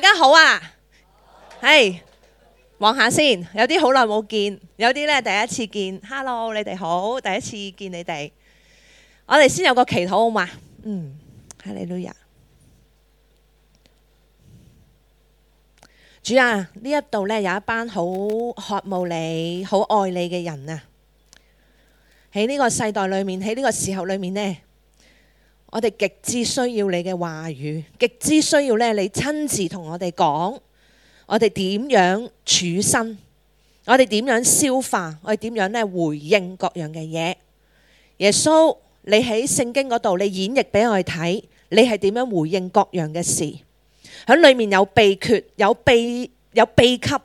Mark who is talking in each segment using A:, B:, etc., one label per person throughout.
A: 大家好啊！係望下先，有啲好耐冇見，有啲咧第一次見。Hello，你哋好，第一次見你哋。我哋先有個祈禱好嘛？嗯，哈利路亞。主啊，呢一度咧有一班好渴慕你、好愛你嘅人啊，喺呢個世代裏面，喺呢個時候裏面呢。我哋極之需要你嘅話語，極之需要呢你親自同我哋講，我哋點樣處身，我哋點樣消化，我哋點樣呢回應各樣嘅嘢。耶穌，你喺聖經嗰度，你演繹俾我哋睇，你係點樣回應各樣嘅事？喺裏面有秘訣，有秘有秘笈。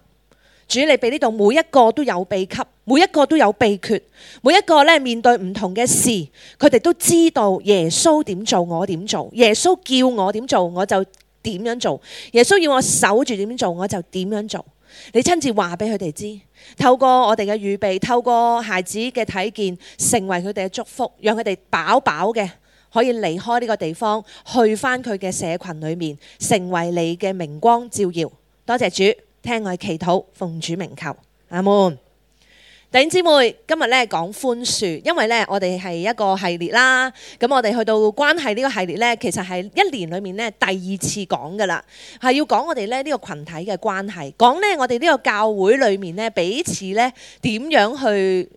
A: 主你俾呢度每一個都有秘笈，每一個都有秘訣，每一個咧面對唔同嘅事，佢哋都知道耶穌點做，我點做，耶穌叫我點做，我就點樣做，耶穌要我守住點做，我就點樣做。你親自話俾佢哋知，透過我哋嘅預備，透過孩子嘅體驗，成為佢哋嘅祝福，讓佢哋飽飽嘅可以離開呢個地方，去翻佢嘅社群裏面，成為你嘅明光照耀。多謝主。聽我祈禱，奉主名求，阿門。弟姊妹，今日咧講寬恕，因為咧我哋係一個系列啦。咁我哋去到關係呢個系列咧，其實係一年裏面咧第二次講噶啦，係要講我哋咧呢個群體嘅關係，講咧我哋呢個教會裏面咧彼此咧點樣去。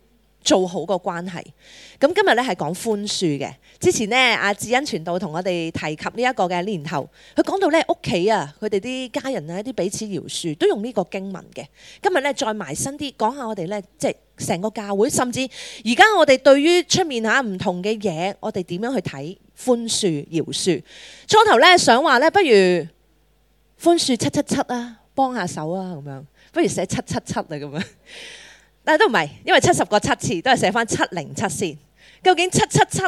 A: 做好個關係，咁今日咧係講寬恕嘅。之前呢，阿志恩傳道同我哋提及呢一個嘅年頭，佢講到咧屋企啊，佢哋啲家人啊一啲彼此饒恕，都用呢個經文嘅。今日咧再埋身啲講下我哋咧，即係成個教會，甚至而家我哋對於出面吓唔同嘅嘢，我哋點樣去睇寬恕饒恕？初頭咧想話咧，不如寬恕七七七啊，幫下手啊，咁樣，不如寫七七七,七啊，咁樣。但係都唔係，因為七十個七次都係寫翻七零七先。究竟七七七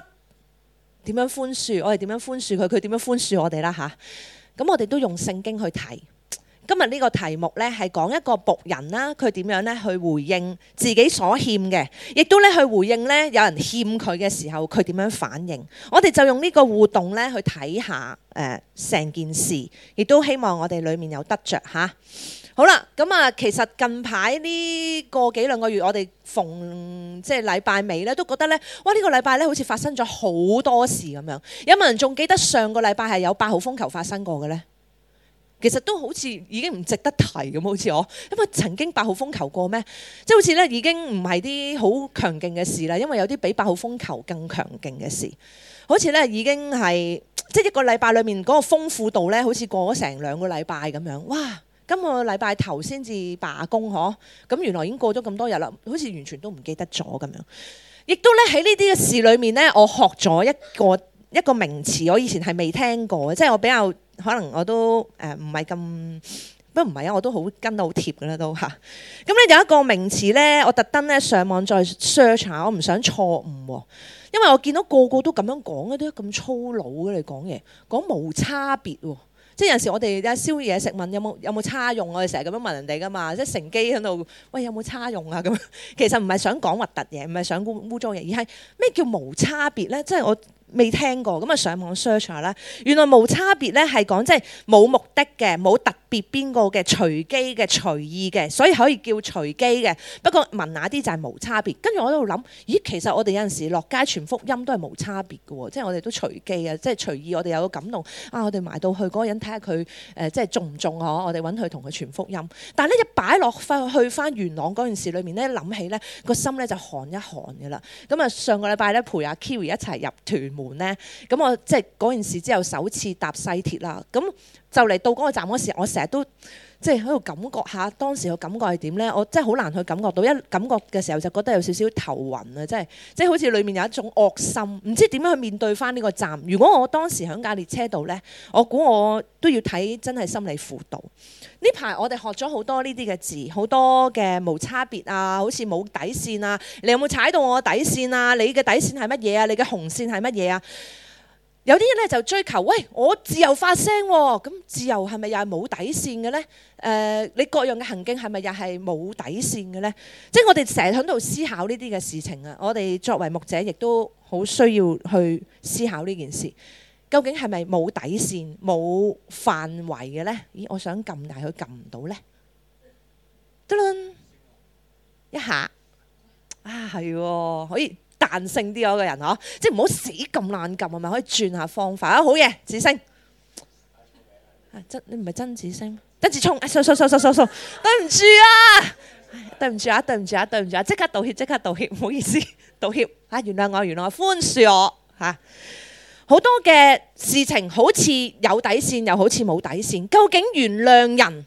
A: 點樣寬恕？我哋點樣寬恕佢？佢點樣寬恕我哋啦？吓，咁我哋都用聖經去睇。今日呢個題目呢，係講一個僕人啦，佢點樣呢去回應自己所欠嘅，亦都咧去回應呢有人欠佢嘅時候，佢點樣反應？我哋就用呢個互動呢去睇下呃、成件事，亦都希望我哋裡面有得着。嚇、啊。好啦，咁啊，其實近排呢個幾兩個月，我哋逢即係禮拜尾呢，都覺得呢：「哇！呢、呢個禮拜呢好似發生咗好多事咁樣。」有冇人仲記得上個禮拜係有八號風球發生過嘅呢？其實都好似已經唔值得提咁，好似我，因為曾經八號風球過咩？即係好似咧已經唔係啲好強勁嘅事啦，因為有啲比八號風球更強勁嘅事，好似咧已經係即係一個禮拜裏面嗰個豐富度咧，好似過咗成兩個禮拜咁樣。哇！今個禮拜頭先至罷工呵，咁原來已經過咗咁多日啦，好似完全都唔記得咗咁樣。亦都咧喺呢啲嘅事裏面咧，我學咗一個。一個名詞，我以前係未聽過嘅，即係我比較可能我都誒唔係咁，不唔係啊，我都好跟到好貼嘅啦都吓，咁、啊、咧有一個名詞咧，我特登咧上網再 search 下，我唔想錯誤喎，因為我見到個個都咁樣講，都係咁粗魯嘅你講嘢，講無差別喎。即係有陣時我哋啊燒嘢食，問有冇有冇差用，我哋成日咁樣問人哋噶嘛，即係乘機喺度喂，有冇差用啊咁。其實唔係想講核突嘢，唔係想污污糟嘢，而係咩叫無差別咧？即係我。未聽過咁啊，就上網 search 下啦，原來無差別咧係講即係冇目的嘅，冇特別邊個嘅隨機嘅隨意嘅，所以可以叫隨機嘅。不過問下啲就係無差別。跟住我喺度諗，咦，其實我哋有陣時落街傳福音都係無差別嘅喎，即係我哋都隨機啊，即係隨意。我哋有個感動啊，我哋埋到去嗰個人睇下佢誒，即係中唔中呵？我哋揾佢同佢傳福音。但係咧一擺落翻去翻元朗嗰件事裏面咧，諗起咧個心咧就寒一寒嘅啦。咁啊，上個禮拜咧陪阿 Kiri 一齊入團。門咧，咁我即係嗰件事之後，首次搭西鐵啦，咁。就嚟到嗰個站嗰時，我成日都即係喺度感覺下當時嘅感覺係點呢？我真係好難去感覺到，一感覺嘅時候就覺得有少少頭暈啊！即係即係好似裡面有一種惡心，唔知點樣去面對返呢個站。如果我當時響架列車度呢，我估我都要睇真係心理輔導。呢排我哋學咗好多呢啲嘅字，好多嘅無差別啊，好似冇底線啊，你有冇踩到我底線啊？你嘅底線係乜嘢啊？你嘅紅線係乜嘢啊？有啲人咧就追求，喂，我自由發聲喎，咁自由係咪又係冇底線嘅呢？誒，你各樣嘅行徑係咪又係冇底線嘅呢？即係我哋成日喺度思考呢啲嘅事情啊！我哋作為牧者亦都好需要去思考呢件事，究竟係咪冇底線、冇範圍嘅呢？咦，我想撳但係佢撳唔到呢。得啦，一下啊，係喎，可以。彈性啲嗰個人嗬，即係唔好死撳爛撳，係咪可以轉下方法啊？好嘢，子星，真你唔係真子星，跟住沖收收收收收收，對唔住啊，對唔住啊，對唔住啊，對唔住啊，即刻道歉，即刻道歉，唔好意思，道歉啊，原諒我，原諒我，寬恕我吓。好多嘅事情好似有底線，又好似冇底線，究竟原諒人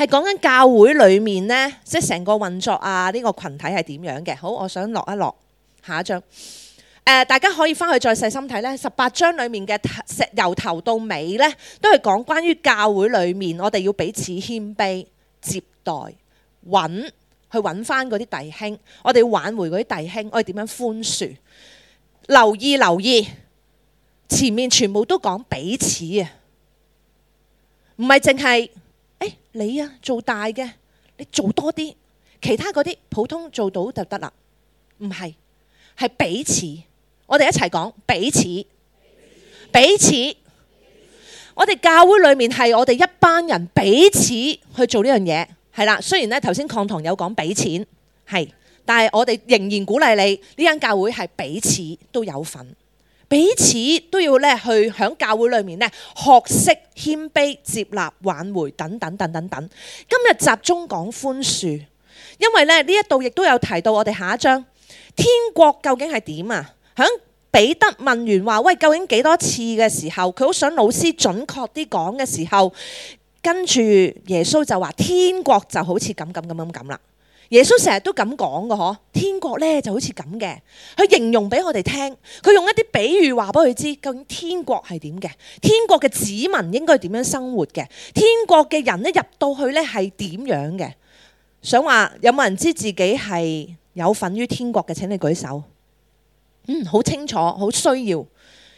A: 係講緊教會裏面呢，即係成個運作啊，呢、這個群體係點樣嘅？好，我想落一落下一張、呃。大家可以翻去再細心睇呢，十八章裏面嘅由頭到尾呢，都係講關於教會裏面，我哋要彼此謙卑接待，揾去揾翻嗰啲弟兄，我哋要挽回嗰啲弟兄，我哋點樣寬恕？留意留意，前面全部都講彼此啊，唔係淨係。誒、哎，你啊做大嘅，你做多啲，其他嗰啲普通做到就得啦。唔係，係彼此，我哋一齊講彼此彼此，我哋教會裏面係我哋一班人彼此去做呢樣嘢係啦。雖然咧頭先鄺堂有講俾錢係，但係我哋仍然鼓勵你呢間教會係彼此都有份。彼此都要咧去喺教會裏面咧學識謙卑、接納、挽回等等等等等。今日集中講寬恕，因為咧呢一度亦都有提到我哋下一章天國究竟係點啊？響彼得問完話，喂，究竟幾多次嘅時候，佢好想老師準確啲講嘅時候，跟住耶穌就話天國就好似咁咁咁咁咁啦。耶穌成日都咁講嘅，嗬？天國咧就好似咁嘅，佢形容俾我哋聽，佢用一啲比喻話俾佢知究竟天國係點嘅？天國嘅子民應該點樣生活嘅？天國嘅人咧入到去咧係點樣嘅？想話有冇人知自己係有份於天國嘅？請你舉手。嗯，好清楚，好需要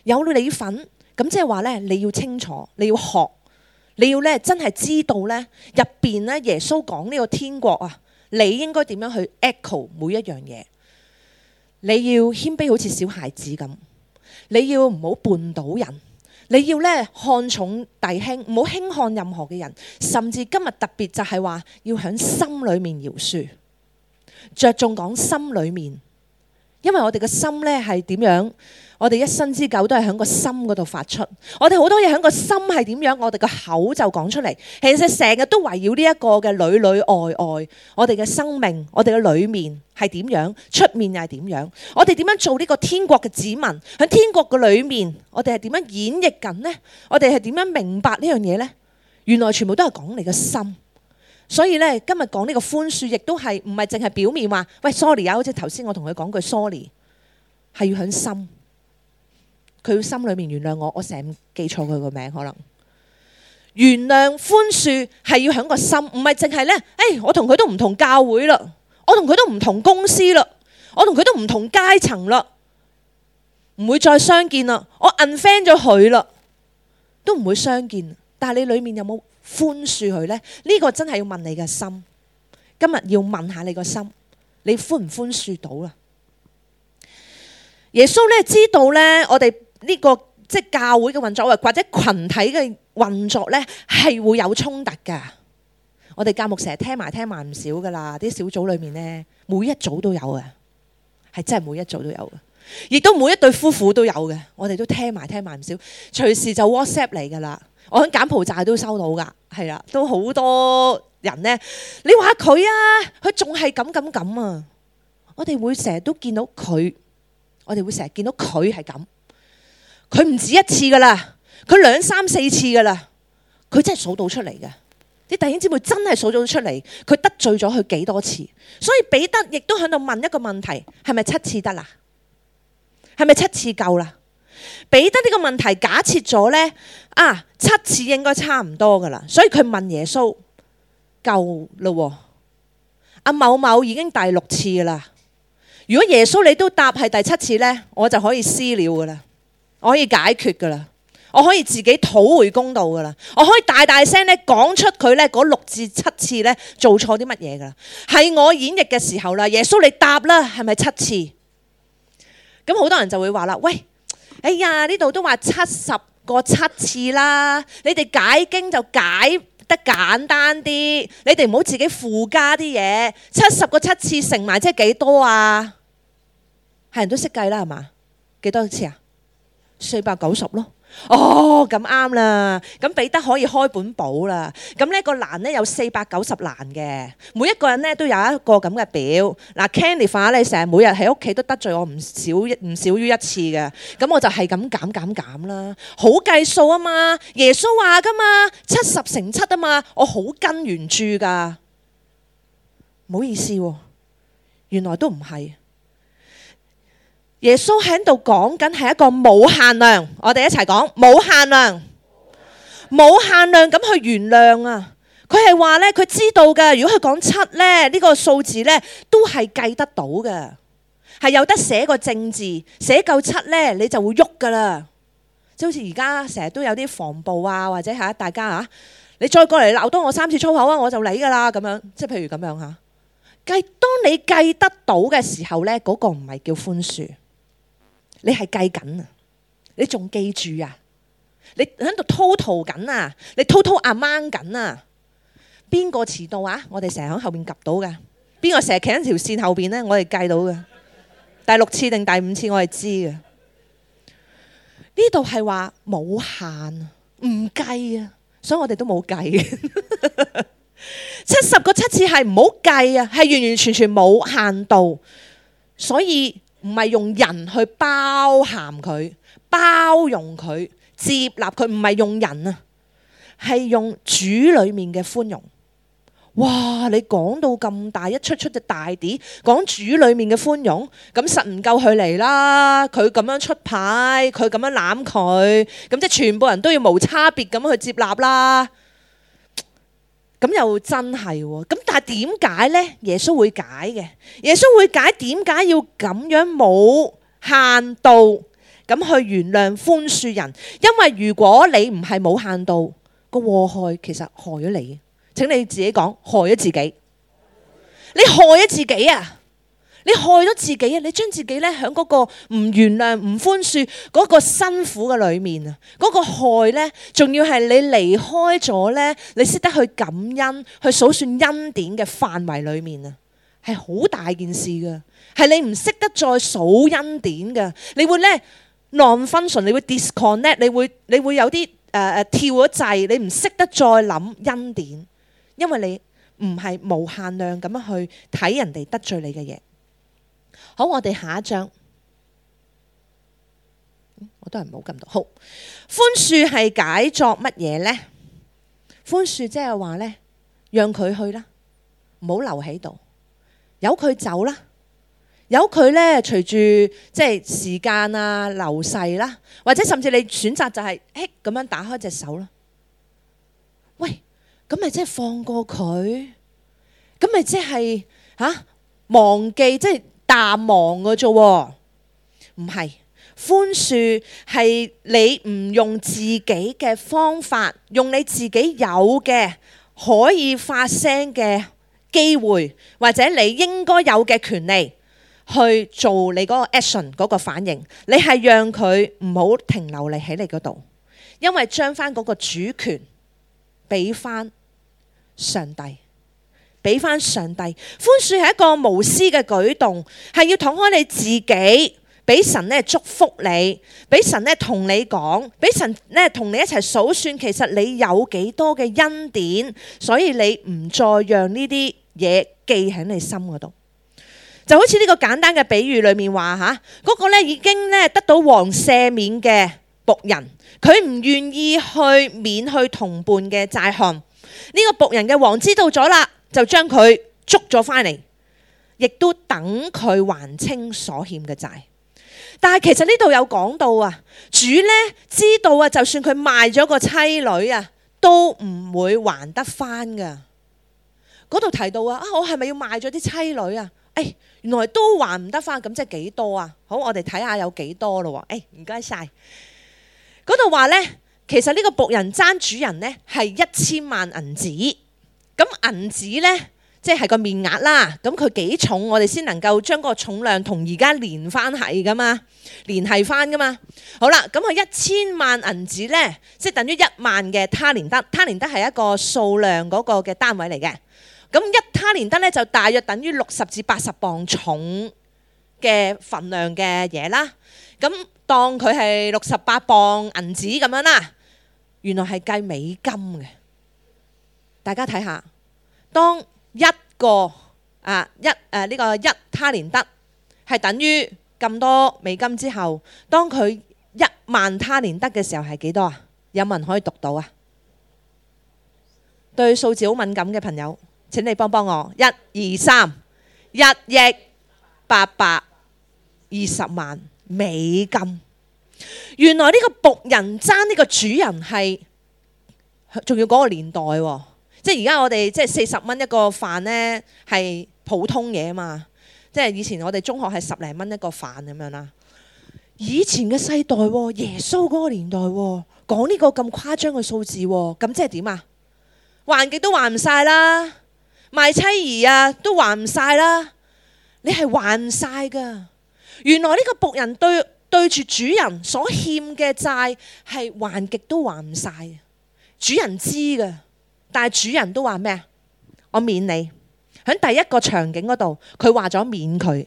A: 有你份咁，即係話咧，你要清楚，你要學，你要咧真係知道咧入邊咧耶穌講呢個天國啊。你應該點樣去 echo 每一樣嘢？你要謙卑好似小孩子咁，你要唔好絆倒人，你要咧看重弟兄，唔好輕看任何嘅人。甚至今日特別就係話要響心裏面饒恕，着重講心裏面，因為我哋嘅心咧係點樣？我哋一生之久都係喺個心嗰度發出。我哋好多嘢喺個心係點樣，我哋個口就講出嚟。其實成日都圍繞呢一個嘅裏裏外外。我哋嘅生命，我哋嘅裏面係點樣，出面又係點樣。我哋點樣做呢個天國嘅子民？喺天國嘅裏面，我哋係點樣演繹緊呢？我哋係點樣明白呢樣嘢呢？原來全部都係講你嘅心。所以呢，今日講呢個寬恕，亦都係唔係淨係表面話喂 sorry 啊。好似頭先我同佢講句 sorry，係要喺心。佢心裏面原諒我，我成日記錯佢個名。可能原諒寬恕係要喺個心，唔係淨係咧。誒、哎，我同佢都唔同教會啦，我同佢都唔同公司啦，我同佢都唔同階層啦，唔會再相見啦。我 unfriend 咗佢啦，都唔會相見。但係你裏面有冇寬恕佢咧？呢、這個真係要問你嘅心。今日要問下你個心，你寬唔寬恕到啦？耶穌咧知道咧，我哋。呢個即係教會嘅運作，或者群體嘅運作呢，係會有衝突嘅。我哋教牧成日聽埋聽埋唔少噶啦，啲小組裏面呢，每一組都有嘅，係真係每一組都有嘅，亦都每一對夫婦都有嘅。我哋都聽埋聽埋唔少，隨時就 WhatsApp 嚟噶啦。我喺柬埔寨都收到噶，係啦，都好多人呢。你話佢啊，佢仲係咁咁咁啊。我哋會成日都見到佢，我哋會成日見到佢係咁。佢唔止一次噶啦，佢兩三四次噶啦，佢真係數到出嚟嘅，你弟兄姊妹真係數到出嚟，佢得罪咗佢幾多次，所以彼得亦都喺度問一個問題，係咪七次得啦？係咪七次夠啦？彼得呢個問題假設咗呢，啊，七次應該差唔多噶啦，所以佢問耶穌夠咯？阿、啊、某某已經第六次噶啦，如果耶穌你都答係第七次呢，我就可以私了噶啦。我可以解決噶啦，我可以自己討回公道噶啦，我可以大大聲咧講出佢咧嗰六至七次咧做錯啲乜嘢噶啦，係我演繹嘅時候啦，耶穌你答啦，係咪七次？咁好多人就會話啦，喂，哎呀呢度都話七十個七次啦，你哋解經就解得簡單啲，你哋唔好自己附加啲嘢，七十個七次乘埋即係幾多啊？係人都識計啦，係嘛？幾多次啊？四百九十咯，哦，咁啱啦，咁彼得可以開本簿啦。咁呢個欄呢有四百九十欄嘅，每一個人呢都有一個咁嘅表。嗱，Candy 化，你成日每日喺屋企都得罪我唔少，唔少於一次嘅，咁我就係咁減減減啦。好計數啊嘛，耶穌話噶嘛，七十乘七啊嘛，我好跟原著噶。唔好意思喎，原來都唔係。耶穌喺度講緊係一個冇限量，我哋一齊講冇限量、冇限量咁去原諒啊！佢係話呢，佢知道嘅。如果佢講七、這個、呢，呢個數字呢都係計得到嘅，係有得寫個正字，寫夠七呢，你就會喐噶啦。即好似而家成日都有啲防暴啊，或者嚇大家啊，你再過嚟鬧多我三次粗口啊，我就嚟噶啦咁樣。即係譬如咁樣嚇計，當你計得到嘅時候呢，嗰、那個唔係叫寬恕。你係計緊啊！你仲記住啊？你喺度 total 緊啊！你 total 阿掹緊啊？邊個遲到啊？我哋成日喺後邊及到嘅。邊個成日企喺條線後邊咧？我哋計到嘅。第六次定第五次我，我係知嘅。呢度係話冇限啊，唔計啊，所以我哋都冇計。 七十個七次係唔好計啊，係完完全全冇限度，所以。唔係用人去包涵佢、包容佢、接納佢，唔係用人啊，係用主裏面嘅寬容。哇！你講到咁大一出出嘅大碟，講主裏面嘅寬容，咁實唔夠佢嚟啦。佢咁樣出牌，佢咁樣攬佢，咁即係全部人都要無差別咁去接納啦。咁又真係喎，咁但係點解呢？耶穌會解嘅，耶穌會解點解要咁樣冇限度咁去原諒寬恕人？因為如果你唔係冇限度，個禍害其實害咗你，請你自己講，害咗自己，你害咗自己啊！你害咗自己啊！你將自己咧喺嗰個唔原諒、唔寬恕嗰個辛苦嘅裏面啊，嗰個害咧，仲要係你離開咗咧，你識得去感恩、去數算恩典嘅範圍裏面啊，係好大件事噶係你唔識得再數恩典噶，你會咧 nonfunction，你會 disconnect，你會你會有啲誒誒跳咗掣，你唔識得再諗恩典，因為你唔係無限量咁樣去睇人哋得罪你嘅嘢。好，我哋下一張、嗯，我都係唔好咁多。好，寬恕係解作乜嘢呢？寬恕即係話呢，讓佢去啦，唔好留喺度，由佢走啦，由佢呢隨住即係時間啊流逝啦、啊，或者甚至你選擇就係、是、嘿」咁樣打開隻手啦。喂，咁咪即係放過佢？咁咪即係吓忘記即係？就是淡忘嘅啫，唔係，寬恕係你唔用自己嘅方法，用你自己有嘅可以發聲嘅機會，或者你應該有嘅權利去做你個 action 個反應。你係讓佢唔好停留嚟喺你度，因為將翻個主權俾翻上帝。俾翻上帝，寬恕係一個無私嘅舉動，係要敞開你自己，俾神咧祝福你，俾神咧同你講，俾神咧同你一齊數算，其實你有幾多嘅恩典，所以你唔再讓呢啲嘢記喺你心嗰度。就好似呢個簡單嘅比喻裏面話嚇，嗰、那個咧已經咧得到王赦免嘅僕人，佢唔願意去免去同伴嘅債項。呢、這個僕人嘅王知道咗啦。就將佢捉咗返嚟，亦都等佢還清所欠嘅債。但係其實呢度有講到啊，主呢知道啊，就算佢賣咗個妻女啊，都唔會還得返噶。嗰度提到啊，啊我係咪要賣咗啲妻女啊？誒、哎，原來都還唔得返，咁即係幾多啊？好，我哋睇下有幾多咯。誒、哎，唔該晒。嗰度話呢，其實呢個僕人爭主人呢，係一千萬銀子。咁銀紙呢，即係個面額啦。咁佢幾重，我哋先能夠將嗰個重量同而家連返係㗎嘛，連係返㗎嘛。好啦，咁佢一千萬銀紙呢，即係等於一萬嘅他連得，他連得係一個數量嗰個嘅單位嚟嘅。咁一他連得呢，就大約等於六十至八十磅重嘅份量嘅嘢啦。咁當佢係六十八磅銀紙咁樣啦，原來係計美金嘅。大家睇下。當一個啊一誒呢、啊這個一他連德係等於咁多美金之後，當佢一萬他連德嘅時候係幾多啊？有冇人可以讀到啊？對數字好敏感嘅朋友，請你幫幫我，一二三，一億八百二十萬美金。原來呢個僕人爭呢個主人係，仲要嗰個年代喎、啊。即係而家，我哋即係四十蚊一個飯呢，係普通嘢嘛。即係以前我哋中學係十零蚊一個飯咁樣啦。以前嘅世代，耶穌嗰個年代，講呢個咁誇張嘅數字，咁即係點啊？還極都還唔晒啦，賣妻兒啊都還唔晒啦。你係還唔晒㗎？原來呢個僕人對對住主人所欠嘅債係還極都還唔晒，主人知㗎。但係主人都話咩？我免你喺第一個場景嗰度，佢話咗免佢。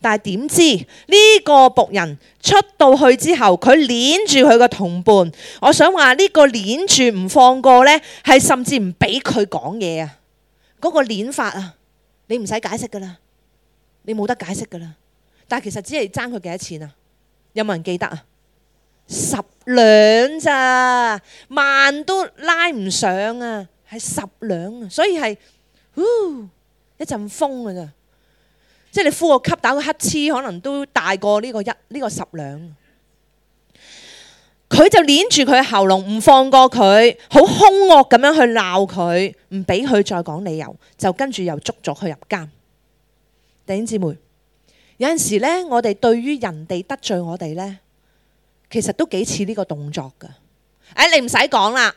A: 但係點知呢個僕人出到去之後，佢鏈住佢個同伴。我想話呢個鏈住唔放過呢，係甚至唔俾佢講嘢啊！嗰個鏈法啊，你唔使解釋噶啦，你冇得解釋噶啦。但係其實只係爭佢幾多錢啊？有冇人記得啊？十兩咋，萬都拉唔上啊，係十兩啊，所以係，呃，一陣風噶咋，即係你呼個吸打個乞嗤，可能都大過呢個一呢個十兩。佢就捏住佢喉嚨，唔放過佢，好兇惡咁樣去鬧佢，唔俾佢再講理由，就跟住又捉咗佢入監。弟兄姊妹，有陣時呢，我哋對於人哋得罪我哋呢。其實都幾似呢個動作噶，誒，你唔使講啦，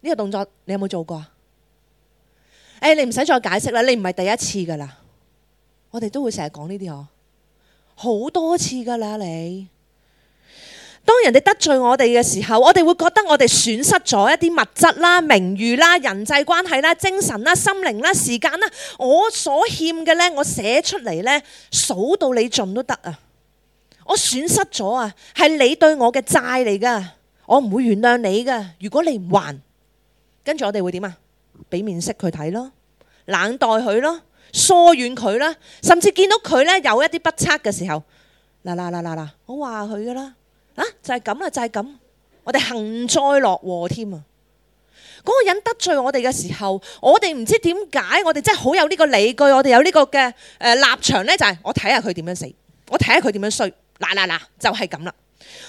A: 呢個動作你有冇做過？誒，你唔使再解釋啦，你唔係第一次噶啦，我哋都會成日講呢啲哦，好多次噶啦你，當人哋得罪我哋嘅時候，我哋會覺得我哋損失咗一啲物質啦、名譽啦、人際關係啦、精神啦、心靈啦、時間啦，我所欠嘅呢，我寫出嚟呢，數到你盡都得啊！我損失咗啊，係你對我嘅債嚟噶，我唔會原諒你噶。如果你唔還，跟住我哋會點啊？俾面色佢睇咯，冷待佢咯，疏遠佢啦，甚至見到佢呢有一啲不測嘅時候，嗱嗱嗱嗱嗱，我話佢噶啦，啊就係咁啦就係、是、咁，我哋幸災樂禍添啊！嗰、這個人得罪我哋嘅時候，我哋唔知點解，我哋真係好有呢個理據，我哋有呢個嘅誒立場呢，就係我睇下佢點樣死，我睇下佢點樣衰。嗱嗱嗱，就係咁啦！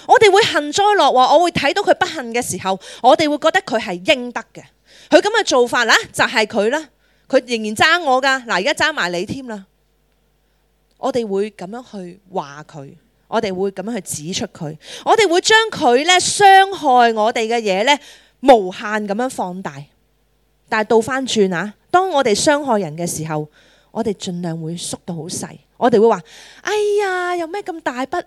A: 我哋會幸災樂禍，我會睇到佢不幸嘅時候，我哋會覺得佢係應得嘅。佢咁嘅做法啦，就係佢啦，佢仍然爭我噶，嗱，而家爭埋你添啦。我哋會咁樣去話佢，我哋會咁樣去指出佢，我哋會將佢呢，傷害我哋嘅嘢呢，無限咁樣放大。但係倒翻轉啊，當我哋傷害人嘅時候，我哋盡量會縮到好細。我哋會話：哎呀，有咩咁大不了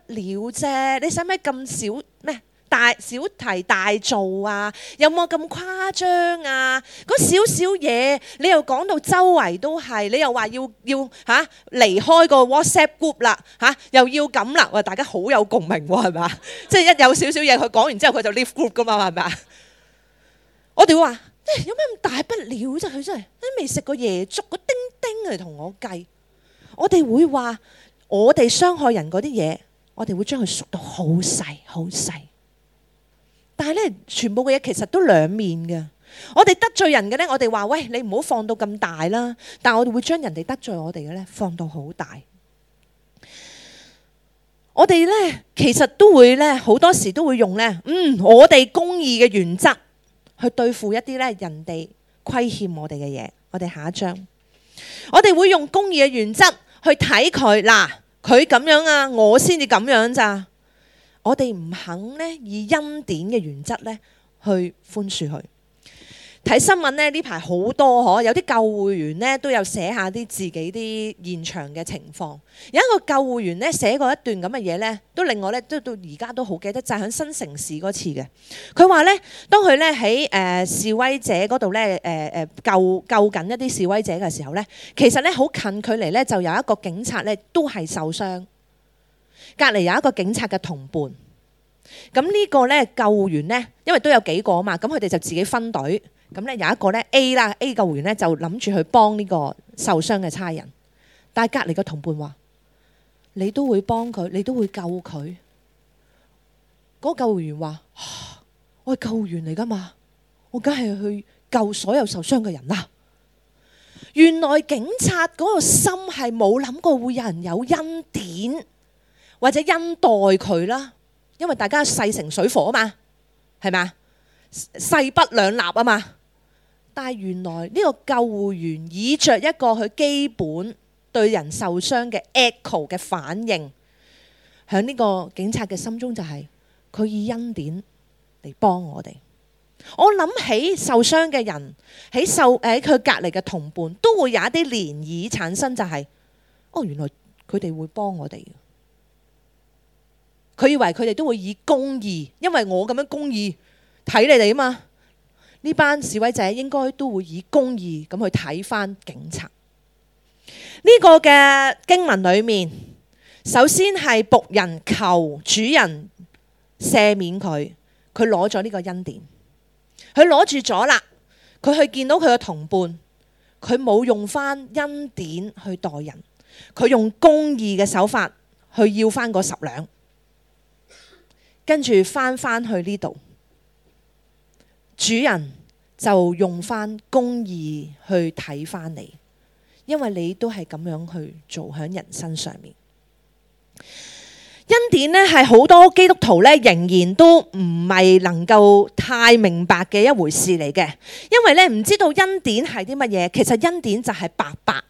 A: 啫？你使咪咁小咩？大小題大做啊？有冇咁誇張啊？嗰少少嘢，你又講到周圍都係，你又話要要吓、啊、離開個 WhatsApp group 啦吓、啊，又要咁啦！喂，大家好有共鳴喎、啊，係嘛？即係 一有少少嘢，佢講完之後佢就 leave group 噶嘛，係咪啊？我哋會話、哎：有咩咁大不了啫？佢真係你未食過夜粥，個叮叮嚟同我計。我哋會話我哋傷害人嗰啲嘢，我哋會將佢縮到好細好細。但係咧，全部嘅嘢其實都兩面嘅。我哋得罪人嘅咧，我哋話喂，你唔好放到咁大啦。但係我哋會將人哋得罪我哋嘅咧放到好大。我哋咧其實都會咧好多時都會用咧嗯我哋公義嘅原則去對付一啲咧人哋虧欠我哋嘅嘢。我哋下一章，我哋會用公義嘅原則。去睇佢嗱，佢咁樣啊，我先至咁樣咋？我哋唔肯咧以恩典嘅原則咧去寬恕佢。睇新聞呢，呢排好多嗬，有啲救護員呢，都有寫下啲自己啲現場嘅情況。有一個救護員呢，寫過一段咁嘅嘢呢，都令我呢，到都到而家都好記得，就喺、係、新城市嗰次嘅。佢話呢，當佢呢喺誒示威者嗰度呢，誒、呃、誒救救緊一啲示威者嘅時候呢，其實呢，好近距離呢，就有一個警察呢，都係受傷，隔離有一個警察嘅同伴。咁呢個呢，救護員呢，因為都有幾個啊嘛，咁佢哋就自己分隊。咁咧有一個咧 A 啦，A 救護員咧就諗住去幫呢個受傷嘅差人，但係隔離個同伴話：你都會幫佢，你都會救佢。嗰個救護員話：我係救護員嚟噶嘛，我梗係去救所有受傷嘅人啦。原來警察嗰個心係冇諗過會有人有恩典或者恩待佢啦，因為大家勢成水火啊嘛，係咪？勢不兩立啊嘛！但係原來呢個救護員以着一個佢基本對人受傷嘅 echo 嘅反應，喺呢個警察嘅心中就係、是、佢以恩典嚟幫我哋。我諗起受傷嘅人喺受誒佢隔籬嘅同伴都會有一啲漣漪產生、就是，就係哦原來佢哋會幫我哋。佢以為佢哋都會以公義，因為我咁樣公義睇你哋啊嘛。呢班示威者應該都會以公義咁去睇翻警察。呢個嘅經文裏面，首先係僕人求主人赦免佢，佢攞咗呢個恩典，佢攞住咗啦，佢去見到佢嘅同伴，佢冇用翻恩典去待人，佢用公義嘅手法去要翻嗰十兩，跟住翻翻去呢度。主人就用翻公義去睇翻你，因為你都係咁樣去做喺人身上面。恩典咧，係好多基督徒咧仍然都唔係能夠太明白嘅一回事嚟嘅，因為咧唔知道恩典係啲乜嘢。其實恩典就係白白，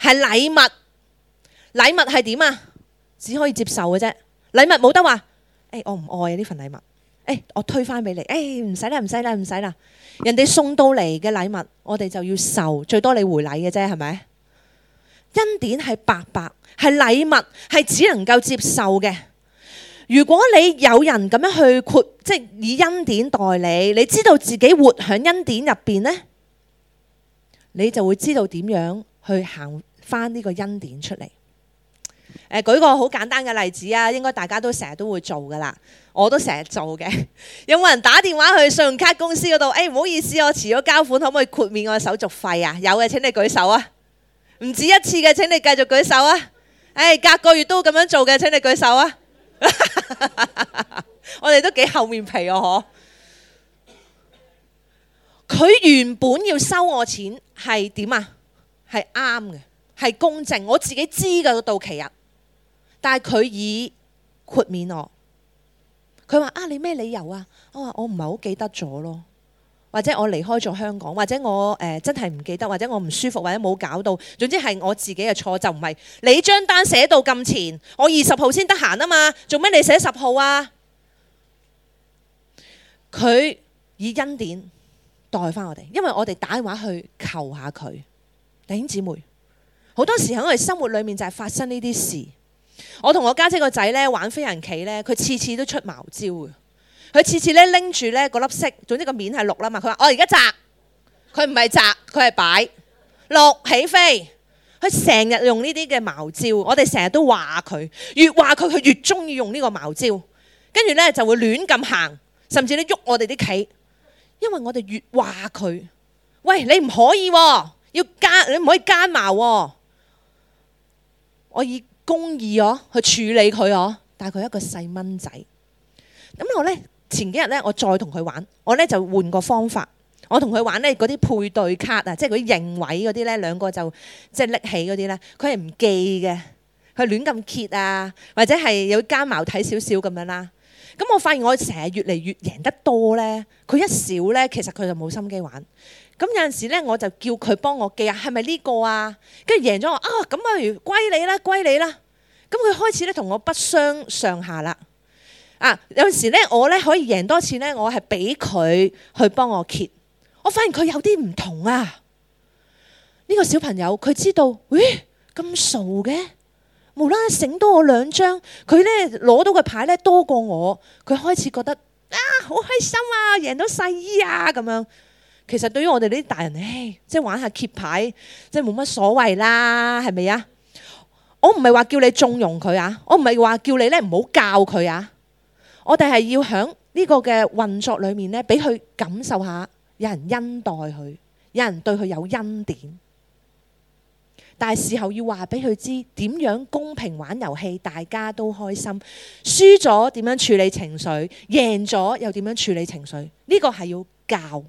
A: 係禮物。禮物係點啊？只可以接受嘅啫。禮物冇得話，誒，我唔愛呢份禮物。誒、哎，我推返俾你，誒，唔使啦，唔使啦，唔使啦，人哋送到嚟嘅禮物，我哋就要受，最多你回禮嘅啫，係咪？恩典係白白，係禮物，係只能夠接受嘅。如果你有人咁樣去豁，即係以恩典待你，你知道自己活喺恩典入邊呢，你就會知道點樣去行翻呢個恩典出嚟。誒，舉個好簡單嘅例子啊，應該大家都成日都會做噶啦，我都成日做嘅。有冇人打電話去信用卡公司嗰度？誒、哎，唔好意思，我遲咗交款，可唔可以豁免我手續費啊？有嘅，請你舉手啊！唔止一次嘅，請你繼續舉手啊！誒、哎，隔個月都咁樣做嘅，請你舉手啊！ 我哋都幾厚面皮哦，嗬！佢原本要收我錢係點啊？係啱嘅，係公正，我自己知㗎到期日。但係佢已豁免我，佢話啊，你咩理由啊？我話我唔係好記得咗咯，或者我離開咗香港，或者我誒、呃、真係唔記得，或者我唔舒服，或者冇搞到，總之係我自己嘅錯，就唔係你張單寫到咁前，我二十號先得閒啊嘛，做咩你寫十號啊？佢以恩典代翻我哋，因為我哋打電話去求下佢。弟兄姊妹，好多時喺我哋生活裏面就係發生呢啲事。我同我家姐個仔咧玩飛人棋咧，佢次次都出茅招啊！佢次次咧拎住咧嗰粒色，總之個面係綠啦嘛。佢話我而家摘，佢唔係摘，佢係擺綠起飛。佢成日用呢啲嘅茅招，我哋成日都話佢，越話佢，佢越中意用個毛呢個茅招，跟住咧就會亂咁行，甚至你喐我哋啲棋。因為我哋越話佢，喂你唔可以、喎，要加，你唔可以加茅、喎。我以。公義哦，去處理佢哦，但係佢一個細蚊仔。咁我咧前幾日咧，我再同佢玩，我咧就換個方法。我同佢玩咧嗰啲配對卡啊，即係嗰啲認位嗰啲咧，兩個就即係拎起嗰啲咧，佢係唔記嘅，佢亂咁揭啊，或者係有加矛睇少少咁樣啦。咁我發現我成日越嚟越贏得多咧，佢一少咧，其實佢就冇心機玩。咁有陣時咧，我就叫佢幫我記啊，係咪呢個啊？跟住贏咗我啊，咁不如歸你啦，歸你啦。咁佢開始咧同我不相上下啦。啊，有陣時咧，我咧可以贏多次咧，我係俾佢去幫我揭。我發現佢有啲唔同啊。呢、這個小朋友佢知道，咦、哎、咁傻嘅，無啦啦醒多我兩張，佢咧攞到嘅牌咧多過我，佢開始覺得啊好開心啊，贏到細姨啊咁樣。其實對於我哋呢啲大人，唉，即係玩下揭牌，即係冇乜所謂啦，係咪啊？我唔係話叫你縱容佢啊，我唔係話叫你咧唔好教佢啊，我哋係要喺呢個嘅運作裏面咧，俾佢感受下有人恩待佢，有人對佢有恩典。但係事後要話俾佢知點樣公平玩遊戲，大家都開心。輸咗點樣處理情緒，贏咗又點樣處理情緒？呢個係要教。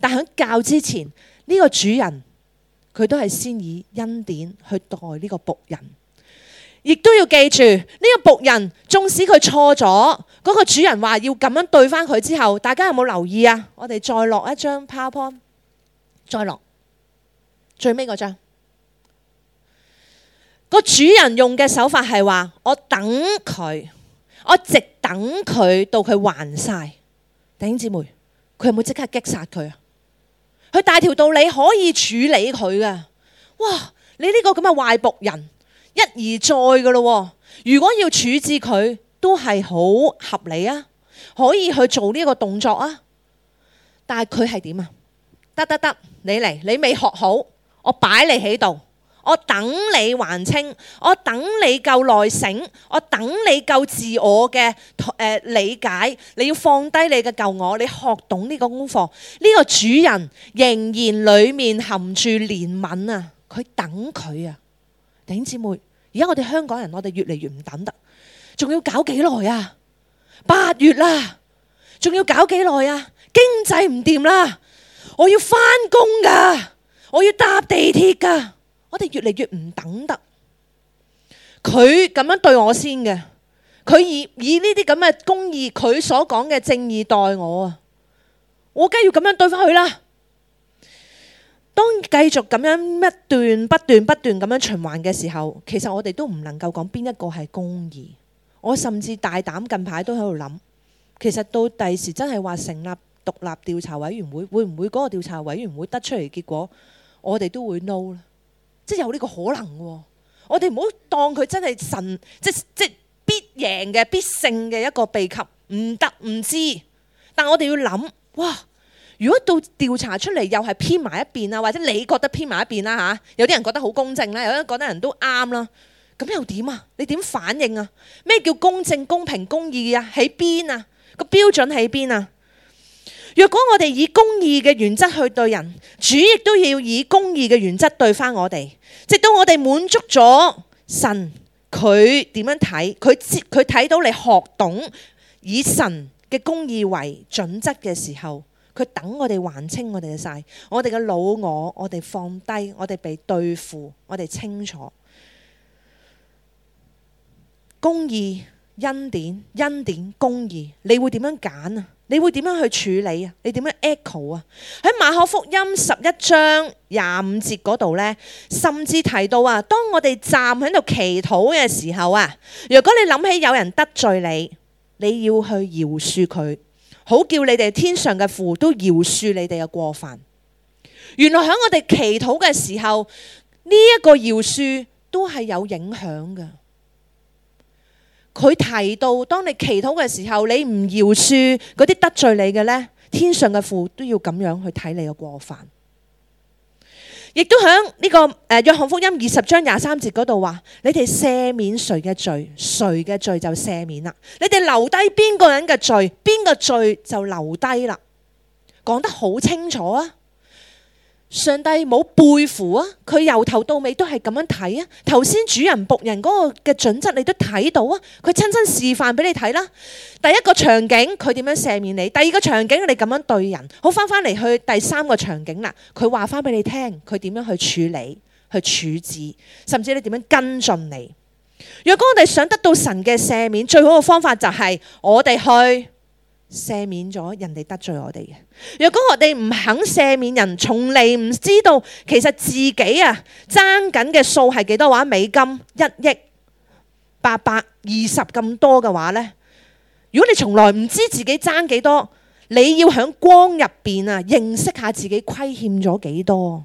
A: 但喺教之前，呢、這個主人佢都係先以恩典去待呢個僕人，亦都要記住呢、這個僕人，縱使佢錯咗，嗰、那個主人話要咁樣對翻佢之後，大家有冇留意啊？我哋再落一張 PowerPoint，再落最尾嗰張，那個主人用嘅手法係話我等佢，我直等佢到佢還晒。弟兄姊妹，佢有冇即刻擊殺佢啊？佢大條道理可以處理佢嘅，哇！你呢個咁嘅壞僕人一而再嘅咯，如果要處置佢都係好合理啊，可以去做呢一個動作啊。但係佢係點啊？得得得，你嚟，你未學好，我擺你喺度。我等你還清，我等你夠耐性，我等你夠自我嘅誒理解。你要放低你嘅舊我，你學懂呢個功課。呢個主人仍然裏面含住憐憫啊，佢等佢啊，弟兄姊妹。而家我哋香港人，我哋越嚟越唔等得，仲要搞幾耐啊？八月啦，仲要搞幾耐啊？經濟唔掂啦，我要返工㗎，我要搭地鐵㗎。我哋越嚟越唔等得，佢咁樣對我先嘅，佢以以呢啲咁嘅公義，佢所講嘅正義待我啊，我梗係要咁樣對返佢啦。當繼續咁樣一段、不斷不斷咁樣循環嘅時候，其實我哋都唔能夠講邊一個係公義。我甚至大膽近排都喺度諗，其實到第時真係話成立獨立調查委員會，會唔會嗰個調查委員會得出嚟結果，我哋都會 no 啦。即有呢個可能，我哋唔好當佢真係神，即即必贏嘅、必勝嘅一個秘笈，唔得唔知。但係我哋要諗哇，如果到調查出嚟，又係偏埋一邊啊，或者你覺得偏埋一邊啦吓，有啲人覺得好公正咧，有啲人覺得人都啱啦，咁又點啊？你點反應啊？咩叫公正、公平、公義啊？喺邊啊？個標準喺邊啊？若果我哋以公義嘅原則去對人，主亦都要以公義嘅原則對翻我哋。直到我哋滿足咗神，佢點樣睇佢？佢睇到你學懂以神嘅公義為準則嘅時候，佢等我哋還清我哋嘅晒，我哋嘅老我，我哋放低，我哋被對付，我哋清楚。公義、恩典、恩典、公義，你會點樣揀啊？你會點樣去處理啊？你點樣 echo 啊？喺馬可福音十一章廿五節嗰度咧，甚至提到啊，當我哋站喺度祈禱嘅時候啊，如果你諗起有人得罪你，你要去饒恕佢，好叫你哋天上嘅父都饒恕你哋嘅過犯。原來喺我哋祈禱嘅時候，呢一個饒恕都係有影響㗎。佢提到，當你祈禱嘅時候，你唔饒恕嗰啲得罪你嘅呢，天上嘅父都要咁樣去睇你嘅過犯。亦都喺呢個誒，約翰福音二十章廿三節嗰度話，你哋赦免誰嘅罪，誰嘅罪就赦免啦。你哋留低邊個人嘅罪，邊個罪就留低啦。講得好清楚啊！上帝冇背負啊，佢由頭到尾都係咁樣睇啊。頭先主人僕人嗰個嘅準則你都睇到啊，佢親身示範俾你睇啦。第一個場景佢點樣赦免你，第二個場景你咁樣對人，好，翻翻嚟，去第三個場景啦，佢話翻俾你聽佢點樣去處理、去處置，甚至你點樣跟進你。若果我哋想得到神嘅赦免，最好嘅方法就係我哋去赦免咗人哋得罪我哋嘅，若果我哋唔肯赦免人，從嚟唔知道其實自己啊爭緊嘅數係幾多，話美金一億八百二十咁多嘅話呢？如果你從來唔知自己爭幾多，你要喺光入邊啊認識下自己虧欠咗幾多，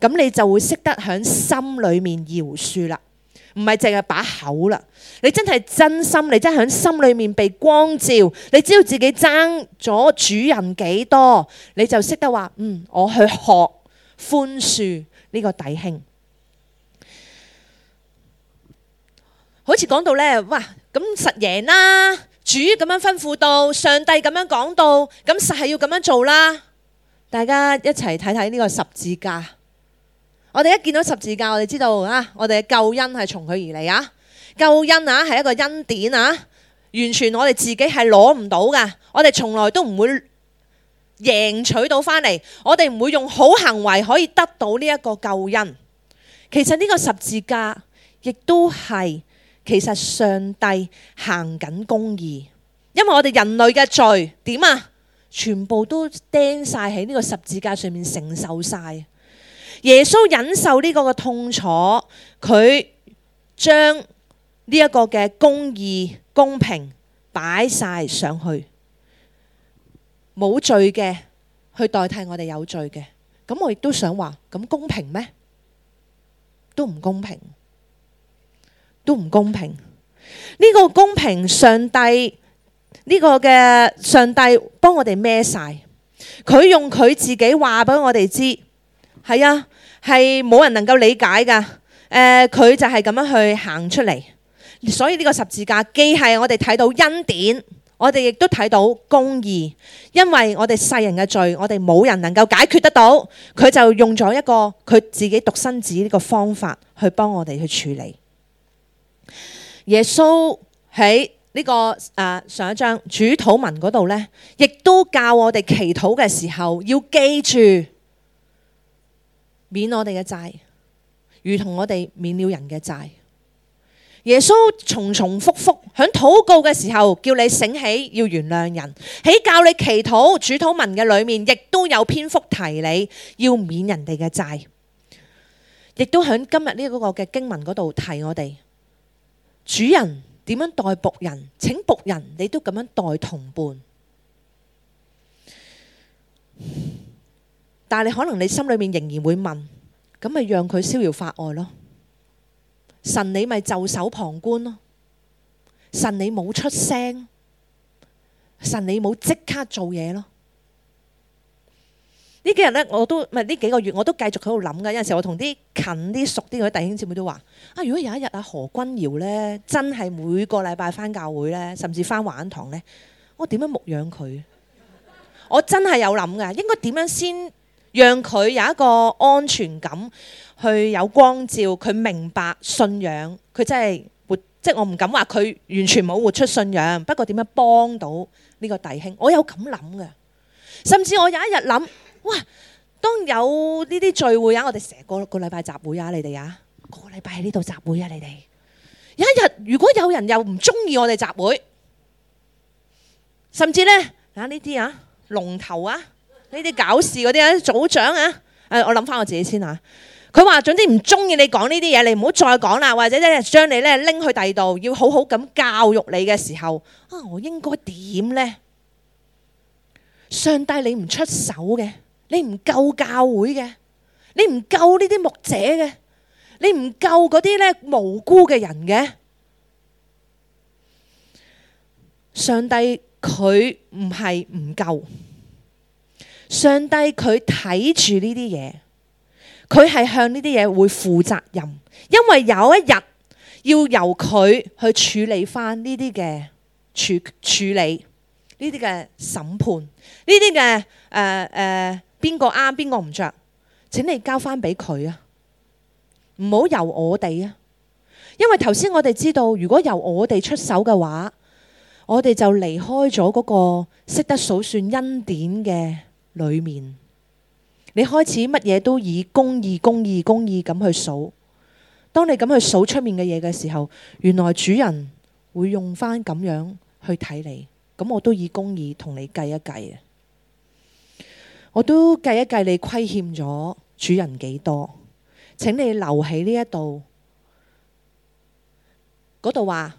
A: 咁你就會識得喺心裏面饒恕啦。唔係淨係把口啦，你真係真心，你真係喺心裏面被光照，你知道自己爭咗主人幾多，你就識得話嗯，我去學寬恕呢個弟兄。好似講到呢，「哇，咁實贏啦！」主咁樣吩咐到，上帝咁樣講到，咁實係要咁樣做啦！大家一齊睇睇呢個十字架。我哋一見到十字架，我哋知道啊，我哋嘅救恩係從佢而嚟啊，救恩啊係一個恩典啊，完全我哋自己係攞唔到噶我哋從來都唔會贏取到翻嚟，我哋唔會用好行為可以得到呢一個救恩。其實呢個十字架亦都係其實上帝行緊公義，因為我哋人類嘅罪點啊，全部都釘晒喺呢個十字架上面承受晒。耶穌忍受呢個嘅痛楚，佢將呢一個嘅公義、公平擺晒上去，冇罪嘅去代替我哋有罪嘅。咁我亦都想話，咁公平咩？都唔公平，都唔公平。呢個公平，上帝呢個嘅上帝幫我哋孭晒，佢用佢自己話俾我哋知。係啊，係冇人能夠理解噶。誒、呃，佢就係咁樣去行出嚟，所以呢個十字架既係我哋睇到恩典，我哋亦都睇到公義。因為我哋世人嘅罪，我哋冇人能夠解決得到，佢就用咗一個佢自己獨生子呢個方法去幫我哋去處理。耶穌喺呢、這個誒、呃、上一章主禱文嗰度呢，亦都教我哋祈禱嘅時候要記住。免我哋嘅債，如同我哋免了人嘅債。耶穌重重複複響禱告嘅時候，叫你醒起要原諒人；喺教你祈禱、主禱文嘅裏面，亦都有篇幅提你要免人哋嘅債，亦都喺今日呢嗰個嘅經文嗰度提我哋。主人點樣待僕人，請僕人你都咁樣待同伴。但係你可能你心裏面仍然會問，咁咪讓佢逍遙法外咯？神你咪袖手旁觀咯？神你冇出聲，神你冇即刻做嘢咯？呢幾日咧，我都唔係呢幾個月，我都繼續喺度諗噶。有陣時我同啲近啲熟啲嘅弟兄姊妹都話：啊，如果有一日阿何君堯咧，真係每個禮拜翻教會咧，甚至翻華恩堂咧，我點樣牧養佢？我真係有諗噶，應該點樣先？讓佢有一個安全感，去有光照，佢明白信仰，佢真係活，即係我唔敢話佢完全冇活出信仰。不過點樣幫到呢個弟兄，我有咁諗嘅。甚至我有一日諗，哇！當有呢啲聚會啊，我哋成個個禮拜集會啊，你哋啊，個個禮拜喺呢度集會啊，你哋。有一日，如果有人又唔中意我哋集會，甚至呢，嗱、啊，呢啲啊龍頭啊。呢啲搞事嗰啲啊，組長啊，誒，我諗翻我自己先吓。佢話總之唔中意你講呢啲嘢，你唔好再講啦，或者咧將你咧拎去第二度，要好好咁教育你嘅時候，啊，我應該點呢？上帝，你唔出手嘅，你唔救教會嘅，你唔救呢啲牧者嘅，你唔救嗰啲咧無辜嘅人嘅。上帝，佢唔係唔救。上帝，佢睇住呢啲嘢，佢係向呢啲嘢會負責任，因為有一日要由佢去處理翻呢啲嘅處，處理呢啲嘅審判呢啲嘅誒誒，邊個啱邊個唔着，請你交翻俾佢啊！唔好由我哋啊，因為頭先我哋知道，如果由我哋出手嘅話，我哋就離開咗嗰個識得數算恩典嘅。裏面，你開始乜嘢都以公義、公義、公義咁去數。當你咁去數出面嘅嘢嘅時候，原來主人會用翻咁樣去睇你。咁我都以公義同你計一計啊！我都計一計你虧欠咗主人幾多，請你留喺呢一度。嗰度話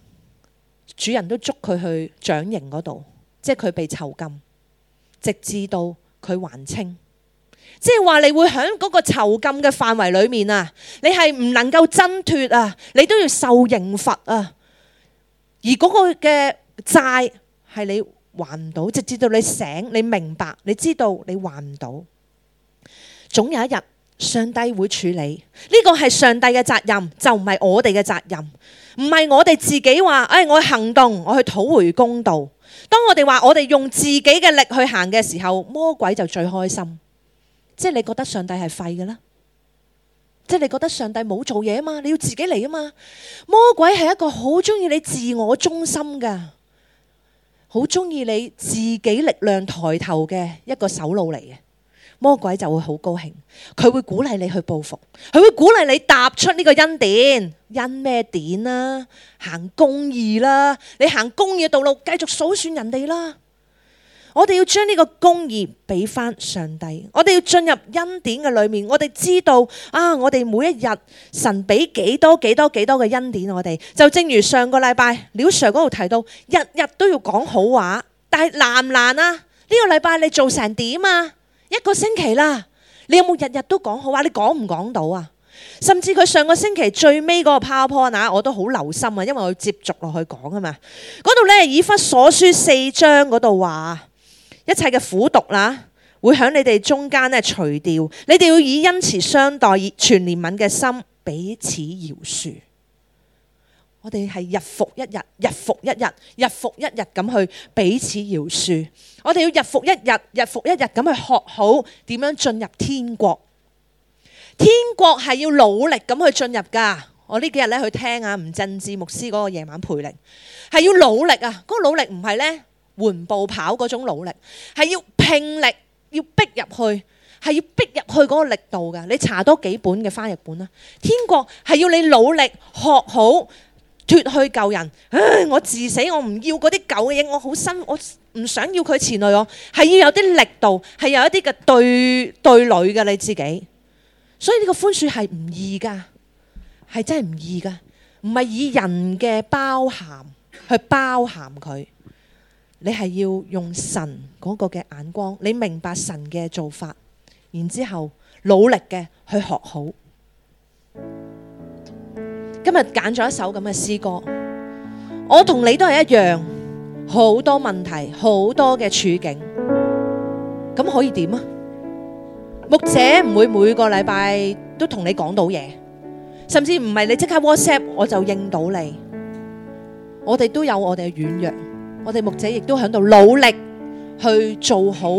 A: 主人都捉佢去掌刑嗰度，即係佢被囚禁，直至到。佢還清，即係話你會響嗰個囚禁嘅範圍裏面啊，你係唔能夠掙脫啊，你都要受刑罰啊。而嗰個嘅債係你還唔到，直至到你醒，你明白，你知道你還唔到。總有一日，上帝會處理。呢個係上帝嘅責任，就唔係我哋嘅責任，唔係我哋自己話，誒、哎，我行動，我去討回公道。當我哋話我哋用自己嘅力去行嘅時候，魔鬼就最開心。即係你覺得上帝係廢嘅啦，即係你覺得上帝冇做嘢啊嘛，你要自己嚟啊嘛。魔鬼係一個好中意你自我中心嘅，好中意你自己力量抬頭嘅一個首路嚟嘅。魔鬼就會好高興，佢會鼓勵你去報復，佢會鼓勵你踏出呢個恩典。恩咩典啊？行公義啦，你行公義嘅道路，繼續數算人哋啦。我哋要將呢個公義俾翻上帝。我哋要進入恩典嘅裏面。我哋知道啊，我哋每一日神俾幾多幾多幾多嘅恩典我，我哋就正如上個禮拜，廖 Sir 嗰度提到，日日都要講好話，但係難唔難啊？呢個禮拜你做成點啊？一個星期啦，你有冇日日都講好話？你講唔講到啊？甚至佢上個星期最尾嗰個 powerpoint 我都好留心啊，因為我要接續落去講啊嘛。嗰度呢，以弗所書四章嗰度話，一切嘅苦毒啦、啊，會響你哋中間呢除掉，你哋要以恩慈相待，以全憐憫嘅心彼此饒恕。我哋係日復一日，日復一日，日復一日咁去彼此饒恕。我哋要日復一日，日復一日咁去學好點樣進入天國。天國係要努力咁去進入㗎。我呢幾日咧去聽下吳振志牧師嗰個夜晚培靈，係要努力啊！嗰個努力唔係咧緩步跑嗰種努力，係要拼力，要逼入去，係要逼入去嗰個力度㗎。你查多幾本嘅翻譯本啦。天國係要你努力學好。脱去舊人，唉！我自死，我唔要嗰啲舊嘅嘢，我好新，我唔想要佢前嚟我，係要有啲力度，係有一啲嘅對對壘嘅你自己。所以呢個寬恕係唔易噶，係真係唔易噶，唔係以人嘅包含去包含佢，你係要用神嗰個嘅眼光，你明白神嘅做法，然之後努力嘅去學好。今日揀咗一首咁嘅詩歌，我同你都係一樣，好多問題，好多嘅處境，咁可以點啊？牧者唔會每個禮拜都同你講到嘢，甚至唔係你即刻 WhatsApp 我就認到你，我哋都有我哋嘅軟弱，我哋牧者亦都喺度努力去做好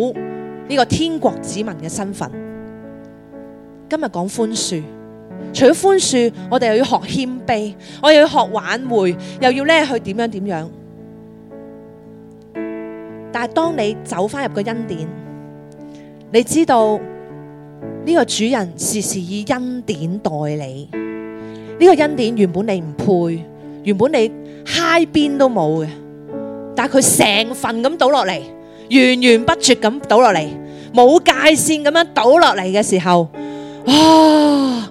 A: 呢個天國子民嘅身份。今日講寬恕。除咗寬恕，我哋又要學謙卑，我又要學挽回，又要咧去點樣點樣。但係當你走翻入個恩典，你知道呢個主人時時以恩典待你。呢個恩典原本你唔配，原本你嗨邊都冇嘅。但係佢成份咁倒落嚟，源源不絕咁倒落嚟，冇界線咁樣倒落嚟嘅時候，哇！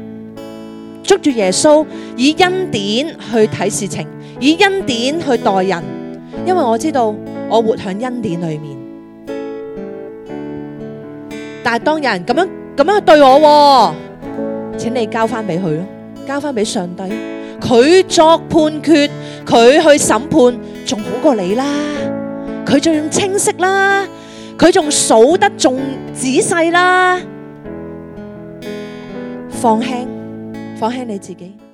A: 捉住耶穌，以恩典去睇事情，以恩典去待人，因為我知道我活響恩典裏面。但係當有人咁樣咁樣對我，請你交翻俾佢咯，交翻俾上帝，佢作判決，佢去審判，仲好過你啦。佢仲清晰啦，佢仲數得仲仔細啦，放輕。放棄你自己。